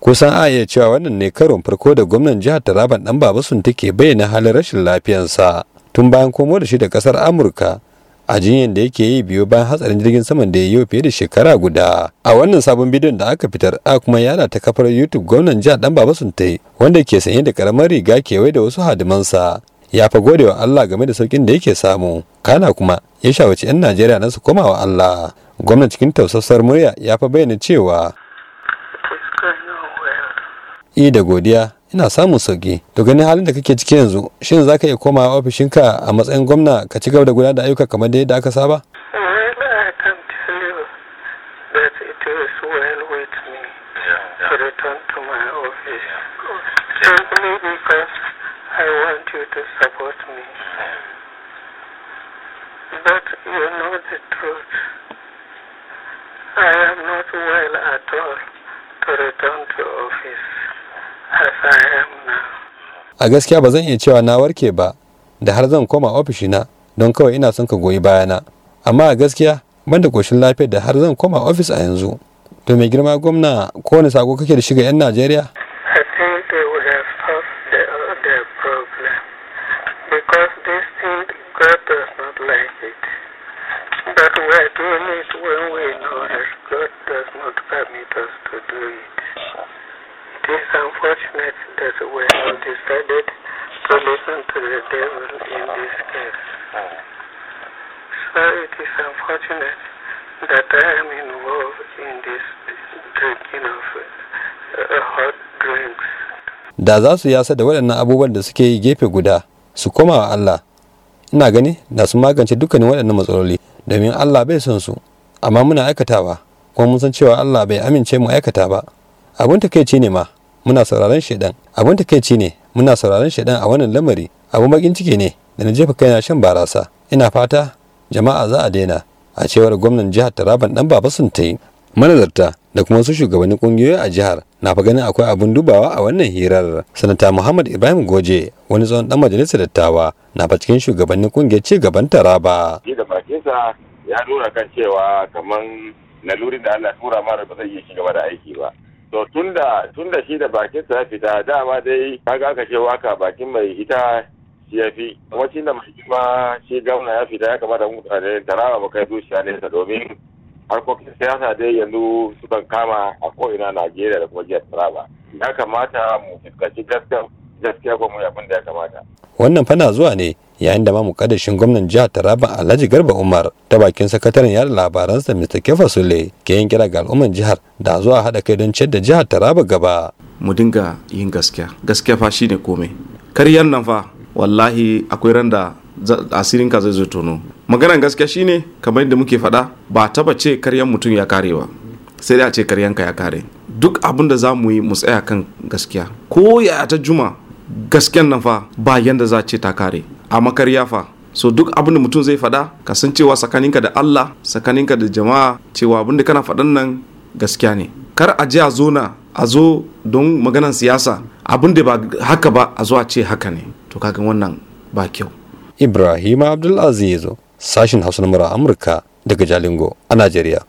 kusan a iya cewa wannan ne karon farko da gwamnan jihar taraban dan babasun take bayyana halin rashin lafiyansa tun bayan komo da shi da kasar amurka a jinyar da yake yi biyo bayan hatsarin jirgin saman da ya yi fiye da shekara guda a wannan sabon bidiyon da aka fitar a kuma yana ta kafar youtube gwamnan jihar dan babasun tai wanda ke sanye da karamar riga kewaye da wasu hadimansa ya fa gode wa Allah game da saukin da yake samu kana kuma ya shawarci 'yan Najeriya na su koma wa Allah Gwamnan cikin tausasar murya ya fa bayyana cewa yi da godiya ina samun sauki to ganin halin da kake ciki yanzu shin zaka iya komawa ofishinka a matsayin gwamna ka ci gaba da gudanar da ayyuka kamar yadda aka saba I am not well at all to return to office. a gaskiya ba zan iya cewa na warke ba da har zan koma ofishina don kawai ina son ka goyi bayana amma a gaskiya ban da koshin lafiyar da har zan koma ofis a yanzu to mai girma gwamna ko wani sako kake da shiga 'yan najeriya But we It is unfortunate that we have decided to listen to the devil in this case. So it is unfortunate that I am involved in this drinking of uh, hot drinks. Da za su yasa da waɗannan abubuwan da suke yi gefe guda su koma wa Allah, ina gani da su magance dukkanin waɗannan matsaloli domin Allah bai son su, amma muna aikatawa kuma mun san cewa Allah bai amince mu aikata ba, abin takaici ne ma. muna sauraron shaidan abin takeici ne muna sauraron shaidan a wannan lamari abu bakin ciki ne da na jefa kaina shan barasa ina fata jama'a za a daina a cewar gwamnan jihar Taraban dan baba sun ta yi manazarta da kuma su shugabannin kungiyoyi a jihar na fa ganin akwai abin dubawa a wannan hirar sanata muhammad ibrahim goje wani tsohon dan majalisar dattawa na fa cikin shugabannin kungiyar ci gaban taraba da ya nuna kan cewa kamar naluri da allah tura mara ba zai iya ci gaba da aiki ba to tunda tunda shi da bakin sa fita dama dai kaga ga ce waka bakin mai ita shi ya fi kuma da mai kuma shi gauna ya fita ya kamata mutane da rama mu kai zuciya nesa domin harkokin siyasa dai yanzu sukan kama a ko'ina Najeriya da kuma jihar Taraba ya kamata mu fuskanci gaskiya gaskiya kuma abin da ya kamata wannan fana zuwa ne yayin da ma kadashin gwamnan jihar Taraba Alhaji Garba Umar ta bakin sakataren yada labaransa Mr. Kefa Sule ke yin kira ga al'umman jihar da zuwa hada kai don ciyar da jihar Taraba gaba. Mu dinga yin gaskiya, gaskiya fa shine komai. Karyar nan fa wallahi akwai ran da ka zai zo tono. maganar gaskiya shine kamar yadda muke faɗa ba taba ce karyan mutum ya kare ba. Sai dai a ce karyanka ya kare. Duk abin da za mu yi mu tsaya kan gaskiya. Ko ya ta juma gaskiyan nan fa ba yanda za ce ta kare. a makarya fa so duk abin da mutum zai faɗa ka san cewa tsakaninka da Allah tsakaninka da jama'a cewa abin da kana faɗan nan gaskiya ne kar a je a zona a zo don maganan siyasa abin da ba haka ba a zo a ce haka ne to kaga wannan ba kyau ibrahim abdulaziz sashin hausa na amurka daga jalingo a najeriya